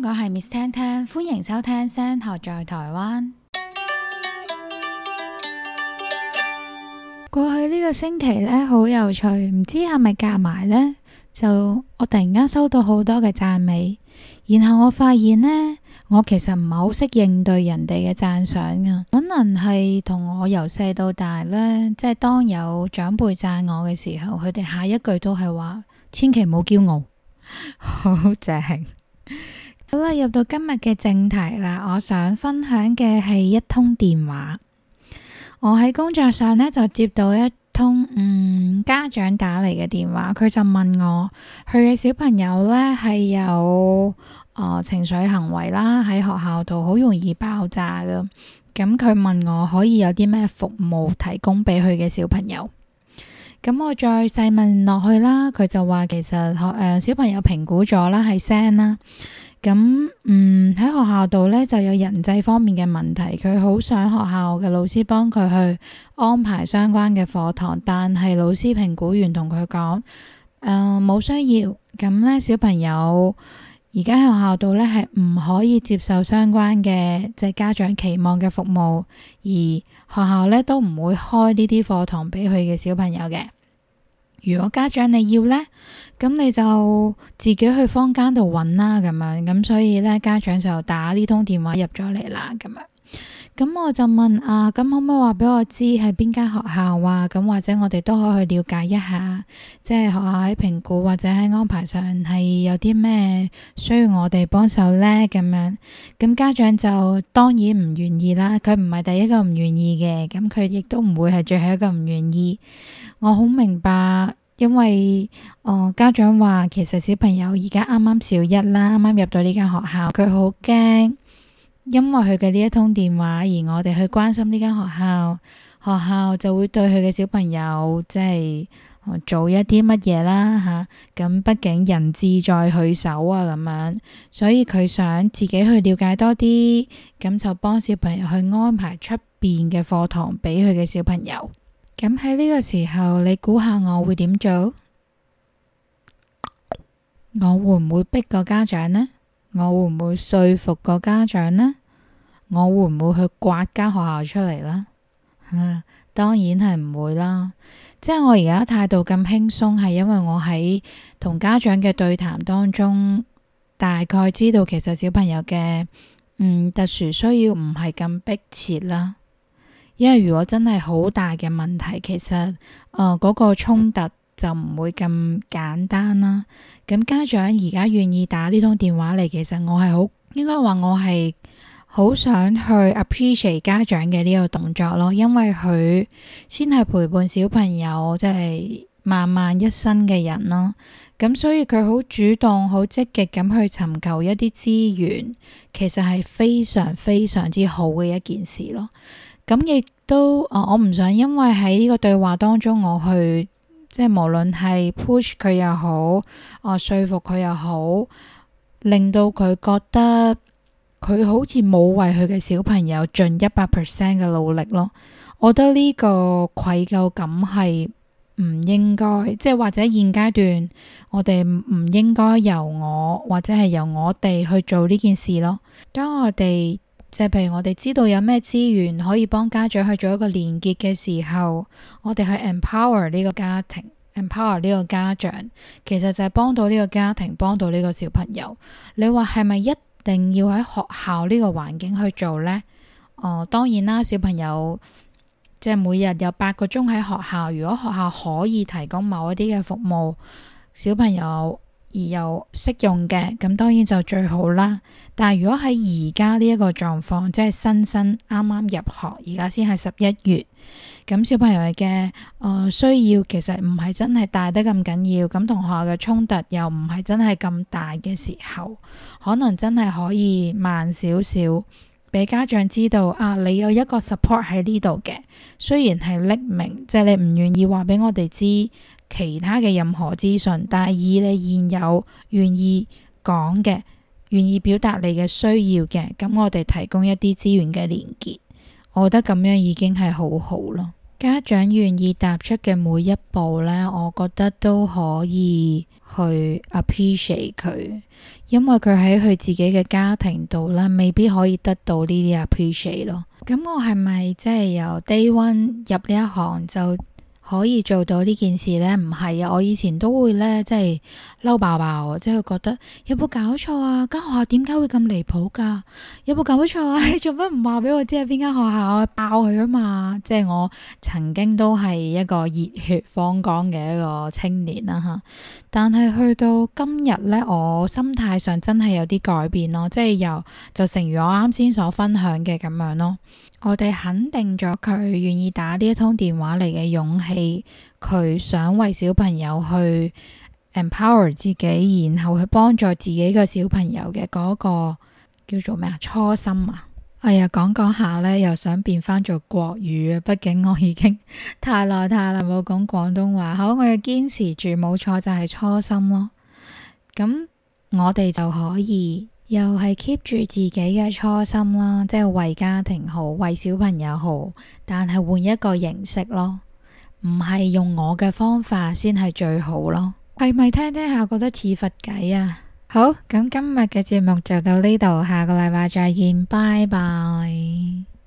我係 Miss Ten Ten，歡迎收聽聲《聲學在台灣》。過去呢個星期呢，好有趣，唔知係咪夾埋呢？就我突然間收到好多嘅讚美，然後我發現呢，我其實唔係好識應對人哋嘅讚賞啊。可能係同我由細到大呢，即係當有長輩讚我嘅時候，佢哋下一句都係話：千祈唔好驕傲， 好正。好啦，入到今日嘅正題啦，我想分享嘅係一通電話。我喺工作上呢，就接到一通嗯家長打嚟嘅電話，佢就問我佢嘅小朋友呢，係有誒、呃、情緒行為啦，喺學校度好容易爆炸噶。咁佢問我可以有啲咩服務提供俾佢嘅小朋友？咁我再細問落去啦，佢就話其實學誒、呃、小朋友評估咗啦，係 SEN 啦。咁嗯喺學校度呢，就有人際方面嘅問題，佢好想學校嘅老師幫佢去安排相關嘅課堂，但係老師評估完同佢講，誒、呃、冇需要，咁呢小朋友而家喺學校度呢，係唔可以接受相關嘅即係家長期望嘅服務，而學校呢，都唔會開呢啲課堂俾佢嘅小朋友嘅。如果家長你要咧，咁你就自己去坊間度揾啦，咁樣咁，所以咧家長就打呢通電話入咗嚟啦，咁樣。咁、 嗯、我就問啊，咁、啊、可唔可以話俾我知係邊間學校啊？咁、嗯、或者我哋都可以去了解一下，即係學校喺評估或者喺安排上係有啲咩需要我哋幫手咧？咁樣咁、嗯、家長就當然唔願意啦。佢唔係第一個唔願意嘅，咁佢亦都唔會係最後一個唔願意。我好明白，因為哦、呃、家長話，其實小朋友而家啱啱小一啦，啱啱入到呢間學校，佢好驚。因為佢嘅呢一通電話，而我哋去關心呢間學校，學校就會對佢嘅小朋友即係做一啲乜嘢啦吓。咁畢竟人志在佢手啊，咁樣，所以佢想自己去了解多啲，咁就幫小朋友去安排出面嘅課堂俾佢嘅小朋友。咁喺呢個時候，你估下我會點做？我會唔會逼個家長呢？我會唔會說服個家長呢？我會唔會去刮家學校出嚟啦？啊，當然係唔會啦。即係我而家態度咁輕鬆，係因為我喺同家長嘅對談當中，大概知道其實小朋友嘅嗯特殊需要唔係咁迫切啦。因為如果真係好大嘅問題，其實誒嗰個衝突。就唔會咁簡單啦。咁家長而家願意打呢通電話嚟，其實我係好，應該話我係好想去 appreciate 家長嘅呢個動作咯，因為佢先係陪伴小朋友即係、就是、慢慢一生嘅人啦。咁所以佢好主動、好積極咁去尋求一啲資源，其實係非常非常之好嘅一件事咯。咁亦都，我唔想因為喺呢個對話當中我去。即係無論係 push 佢又好，啊、呃、說服佢又好，令到佢覺得佢好似冇為佢嘅小朋友盡一百 percent 嘅努力咯。我覺得呢個愧疚感係唔應該，即係或者現階段我哋唔應該由我或者係由我哋去做呢件事咯。當我哋即係譬如我哋知道有咩資源可以幫家長去做一個連結嘅時候，我哋去 empower 呢個家庭，empower 呢個家長，其實就係幫到呢個家庭，幫到呢個小朋友。你話係咪一定要喺學校呢個環境去做呢？哦、呃，當然啦，小朋友即係每日有八個鐘喺學校，如果學校可以提供某一啲嘅服務，小朋友而又適用嘅，咁當然就最好啦。但係如果喺而家呢一個狀況，即係新生啱啱入學，而家先係十一月，咁小朋友嘅呃需要其實唔係真係大得咁緊要，咁同學校嘅衝突又唔係真係咁大嘅時候，可能真係可以慢少少，俾家長知道啊，你有一個 support 喺呢度嘅，雖然係匿名，即係你唔願意話俾我哋知。其他嘅任何資訊，但係以你現有願意講嘅、願意表達你嘅需要嘅，咁我哋提供一啲資源嘅連結，我覺得咁樣已經係好好咯。家長願意踏出嘅每一步呢，我覺得都可以去 appreciate 佢，因為佢喺佢自己嘅家庭度啦，未必可以得到呢啲 appreciate 咯。咁我係咪即係由 day one 入呢一行就，可以做到呢件事呢？唔係啊！我以前都會呢，即係嬲爆爆，即係覺得有冇搞錯啊？間學校點解會咁離譜噶？有冇搞錯啊？你做乜唔話俾我知係邊間學校？爆佢啊嘛！即係我曾經都係一個熱血方剛嘅一個青年啦，吓。但係去到今日呢，我心態上真係有啲改變咯，即係由就成如我啱先所分享嘅咁樣咯。我哋肯定咗佢願意打呢一通電話嚟嘅勇氣，佢想為小朋友去 empower 自己，然後去幫助自己個小朋友嘅、嗰、那個叫做咩啊初心啊。哎呀，講講下咧，又想變翻做國語啊！畢竟我已經太耐太耐冇講廣東話，好，我要堅持住，冇錯就係、是、初心咯。咁、嗯、我哋就可以。又係 keep 住自己嘅初心啦，即係為家庭好，為小朋友好，但係換一個形式咯，唔係用我嘅方法先係最好咯。係咪聽聽下覺得似佛偈啊？好，咁今日嘅節目就到呢度，下個禮拜再見，拜拜。